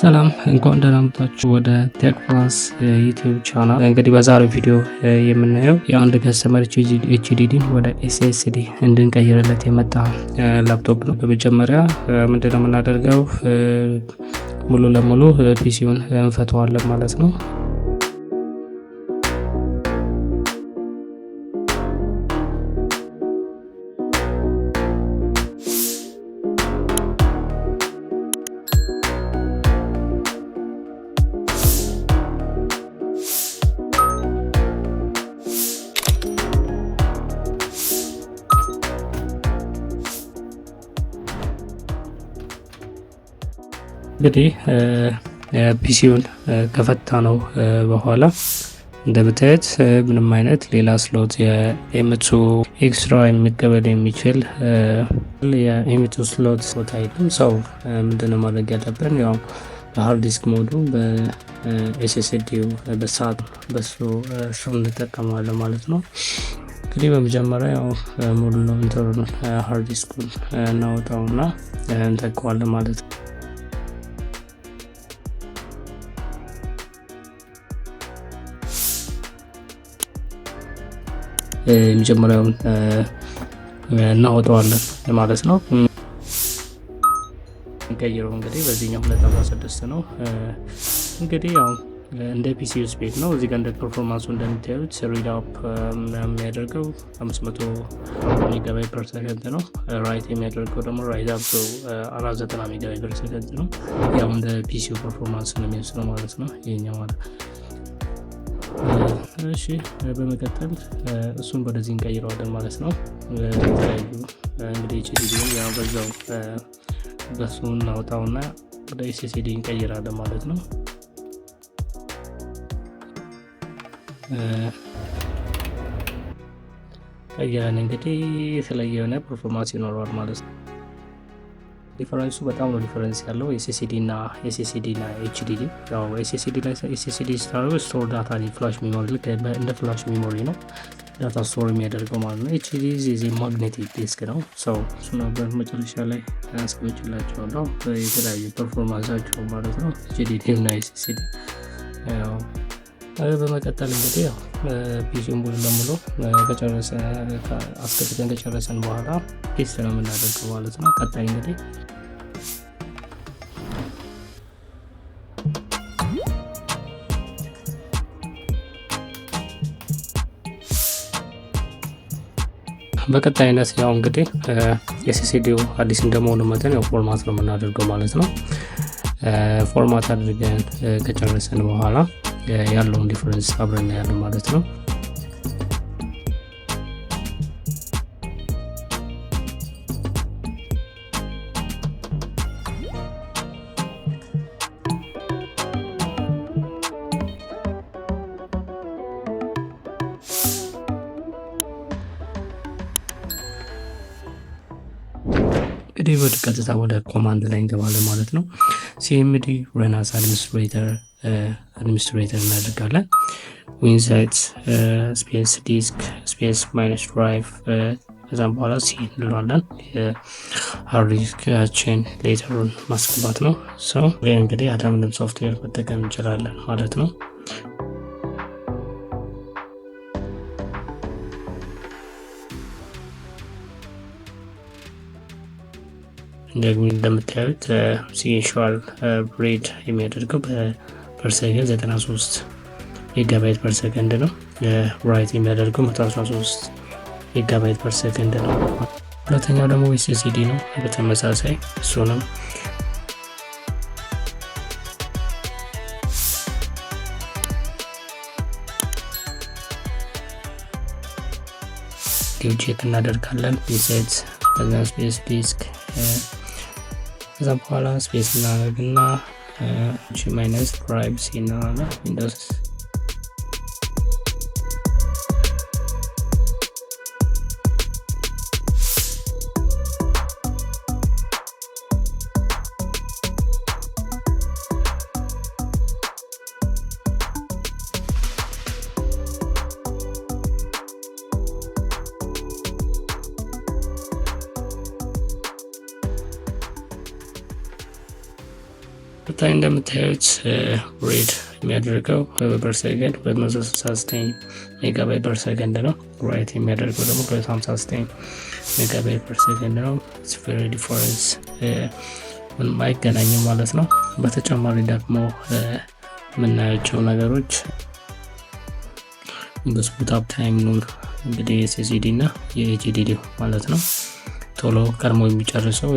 ሰላም እንኳን ደህና መጣችሁ ወደ ቴክ ፕላስ ዩቲዩብ ቻናል። እንግዲህ በዛሬው ቪዲዮ የምናየው የአንድ ከስተመር ኤችዲዲን ወደ ኤስኤስዲ እንድንቀይርለት የመጣ ላፕቶፕ ነው። በመጀመሪያ ምንድነው የምናደርገው ሙሉ ለሙሉ ፒሲውን እንፈተዋለን ማለት ነው። እንግዲህ ፒሲውን ከፈታ ነው በኋላ እንደምታየት ምንም አይነት ሌላ ስሎት የኤምቱ ኤክስትራ የሚቀበል የሚችል የኤምቱ ስሎት ቦታ የለም። ሰው ምንድነው ማድረግ ያለብን? ያው በሀርድ ዲስክ ሞዱ በኤስኤስዲው በሳት በሱ እሱ እንጠቀመዋለን ማለት ነው። እንግዲህ በመጀመሪያ ያው ሙሉ ነው ኢንተርናል ሀርድ ዲስኩን እናወጣውና እንጠቀዋለን ማለት ነው። የመጀመሪያውን እናወጣዋለን ማለት ነው። እንቀይረው እንግዲህ በዚህኛው 216 ነው እንግዲህ ያው እንደ ፒሲ ስፔክ ነው። እዚህ ጋር እንደ ፐርፎርማንሱ እንደምታዩት ሪድ አፕ የሚያደርገው 500 ሜጋባይት ፐር ሰከንድ ነው። ራይት የሚያደርገው ደግሞ ራይት አፕ 490 ሜጋባይት ፐር ሰከንድ ነው። ያው እንደ ፒሲው ፐርፎርማንስ ነው የሚወስነው ማለት ነው ይሄኛው ማለት እሺ በመቀጠል እሱን ወደዚህ እንቀይረዋለን ማለት ነው። የተለያዩ እንግዲህ ኤችዲዲ ያው በዛው በሱ እናውጣውና ወደ ኤስኤስዲ እንቀይራለን ማለት ነው። ቀይረን እንግዲህ የተለየ የሆነ ፐርፎርማንስ ይኖረዋል ማለት ነው። ዲፈረንሱ በጣም ነው ዲፈረንስ ያለው ኤስኤስዲ እና ኤስኤስዲ እና ኤችዲዲ። ያው ኤስኤስዲ ላይ ኤስኤስዲ ስታደርገው ስቶር ዳታ ፍላሽ ሜሞሪ ልክ እንደ ፍላሽ ሜሞሪ ነው ዳታ ስቶር የሚያደርገው ማለት ነው። ኤችዲዲ ዜ ማግኔቲክ ዲስክ ነው ሰው እሱ ነበር መጨረሻ ላይ ያስቀምጭላቸዋለሁ የተለያዩ ፐርፎርማንሳቸው ማለት ነው ኤችዲዲ እና ኤስኤስዲ በመቀጠል እንግዲህ ያው ፒሲን ሙሉ ለሙሉ ከጨረሰ አስገብተን ከጨረሰን በኋላ ቴስት ነው የምናደርገው ማለት ነው። ቀጣይ እንግዲህ በቀጣይነት ያው እንግዲህ የሲሲዲው አዲስ እንደመሆኑ መጠን ያው ፎርማት ነው የምናደርገው ማለት ነው። ፎርማት አድርገን ከጨረሰን በኋላ ያለውን ዲፈረንስ አብረና ያለው ማለት ነው። እንግዲህ ወደ ቀጥታ ወደ ኮማንድ ላይ እንገባለን ማለት ነው። ሲኤምዲ ረን አድሚኒስትሬተር አድሚኒስትሬተር እናደርጋለን። ዊንሳይት ስፔስ ዲስክ ስፔስ ማይነስ ድራይቭ ከዛም በኋላ ሲ እንለዋለን። የሀርድ ሌተሩን ማስገባት ነው። ሰው እንግዲህ አዳምንም ሶፍትዌር መጠቀም እንችላለን ማለት ነው። እንደግሞ እንደምታዩት ሲንሹዋል ብሬድ የሚያደርገው በፐርሰከንድ 93 ጊጋባይት ፐርሰከንድ ነው። ራይት የሚያደርገው 113 ጊጋባይት ፐርሰከንድ ነው። ሁለተኛው ደግሞ ዊስሲዲ ነው። በተመሳሳይ እሱንም ቼክ እናደርጋለን። ሴት ስፔስ ዲስክ ከዛ በኋላ ስፔስ እናደርግና ማይነስ ፕራይቬሲ እና ዊንዶውስ ከታይ እንደምታዩት uh, ሬድ የሚያደርገው ሰገንድ በ በበርሰገንድ ሜጋባይ በር ሰገንድ ነው። ራይት የሚያደርገው ደግሞ በ59 ሜጋባይ በር ሰገንድ ነው። ስፌሪ ዲፈረንስ uh, ምንም አይገናኝም ማለት ነው። በተጨማሪ ደግሞ uh, የምናያቸው ነገሮች በስፑት አፕ ታይም ኑር እንግዲህ የሲሲዲ እና የኤችዲዲ ማለት ነው ቶሎ ቀድሞ የሚጨርሰው